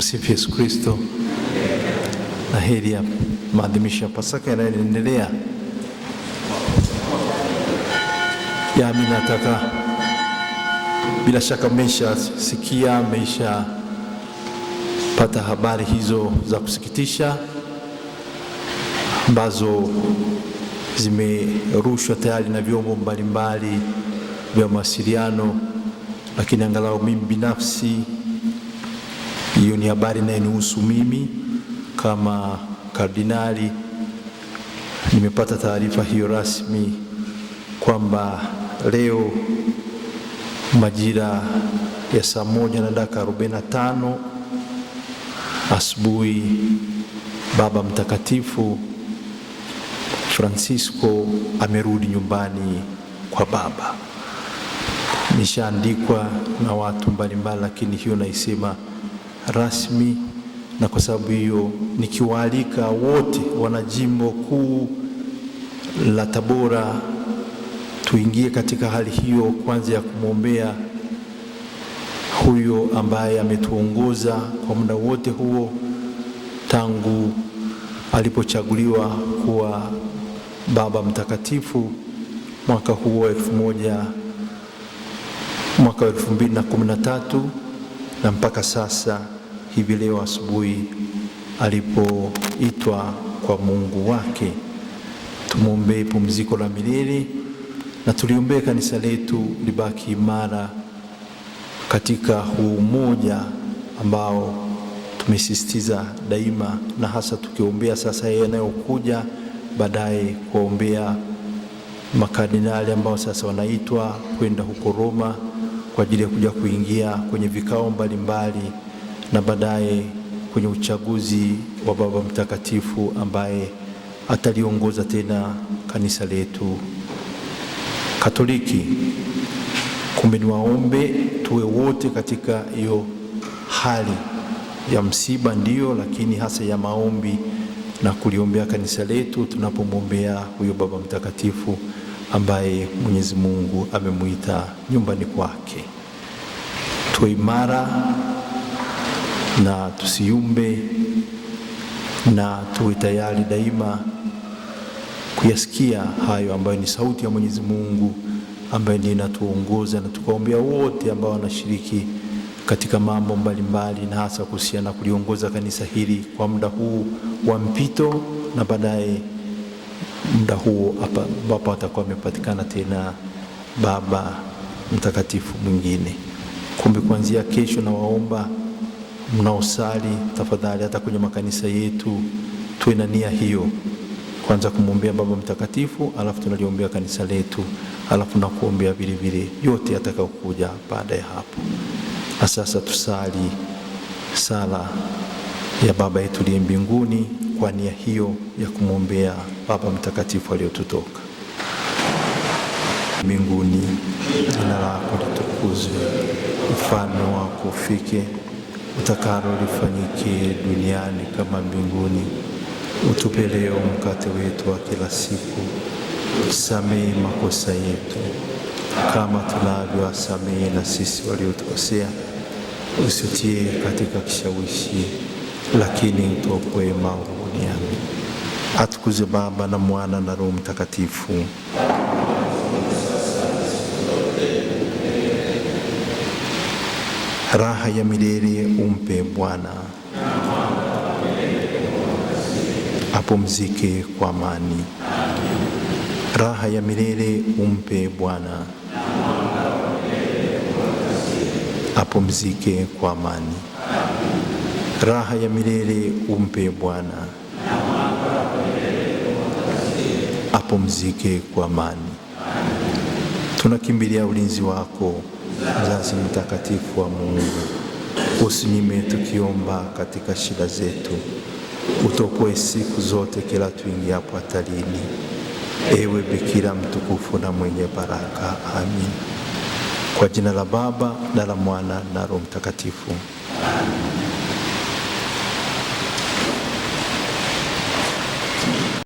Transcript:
Tumsifu Yesu Kristo. Na heri ya maadhimisho ya Pasaka yanayoendelea. Ya mimi nataka bila shaka mmeshasikia, mmeshapata habari hizo za kusikitisha ambazo zimerushwa tayari na vyombo mbalimbali vya mawasiliano, lakini angalau mimi binafsi hiyo ni habari inayonihusu mimi kama kardinali. Nimepata taarifa hiyo rasmi kwamba leo majira ya saa moja na dakika tano asubuhi Baba Mtakatifu Francisco amerudi nyumbani kwa Baba. Nishaandikwa na watu mbalimbali, lakini hiyo naisema rasmi, na kwa sababu hiyo nikiwaalika wote wanajimbo kuu la Tabora tuingie katika hali hiyo kwanza ya kumwombea huyo ambaye ametuongoza kwa muda wote huo tangu alipochaguliwa kuwa Baba Mtakatifu mwaka huo elfu moja mwaka elfu mbili na kumi na tatu na mpaka sasa hivi leo asubuhi alipoitwa kwa Mungu wake. Tumwombee pumziko la milele na tuliombee kanisa letu libaki imara katika huu umoja ambao tumesisitiza daima, na hasa tukiombea sasa yeye anayokuja baadaye, kuombea makardinali ambao sasa wanaitwa kwenda huko Roma kwa ajili ya kuja kuingia kwenye vikao mbalimbali mbali, na baadaye kwenye uchaguzi wa Baba Mtakatifu ambaye ataliongoza tena kanisa letu Katoliki. Kumbe ni waombe tuwe wote katika hiyo hali ya msiba, ndiyo, lakini hasa ya maombi na kuliombea kanisa letu tunapomwombea huyo Baba Mtakatifu ambaye Mwenyezi Mungu amemuita nyumbani kwake. Tuwe imara na tusiyumbe, na tuwe tayari daima kuyasikia hayo ambayo ni sauti ya Mwenyezi Mungu ambaye ndiye inatuongoza, na tukaombea wote ambao wanashiriki katika mambo mbalimbali mbali, na hasa kuhusiana na kuliongoza kanisa hili kwa muda huu wa mpito na baadaye muda huo ambapo atakuwa amepatikana tena Baba mtakatifu mwingine. Kumbe kuanzia kesho, na waomba mnaosali, tafadhali hata kwenye makanisa yetu tuwe na nia hiyo, kwanza kumwombea Baba mtakatifu, alafu tunaliombea kanisa letu, alafu na kuombea vile vile yote atakayokuja baada ya hapo. Na sasa tusali sala ya Baba yetu liye mbinguni kwa nia hiyo ya kumwombea Baba Mtakatifu aliyotutoka mbinguni. Jina lako litukuzwe, ufalme wako ufike, utakalo lifanyike duniani kama mbinguni. Utupe leo mkate wetu wa kila siku, utusamehe makosa yetu kama tunavyowasamehe na sisi waliotukosea, usitie katika kishawishi, lakini utuokoe maovu dunia. Atukuze Baba na Mwana na Roho Mtakatifu. Raha ya milele umpe Bwana, apumzike kwa amani. Raha ya milele umpe Bwana, apumzike kwa amani. Raha ya milele umpe Bwana apumzike kwa amani. Tunakimbilia ulinzi wako, mzazi mtakatifu wa Mungu. Usinyime tukiomba katika shida zetu, utokoe siku zote kila tuingiapo hatarini. Ewe Bikira mtukufu na mwenye baraka, amin. Kwa jina la Baba na la Mwana na Roho Mtakatifu, amin.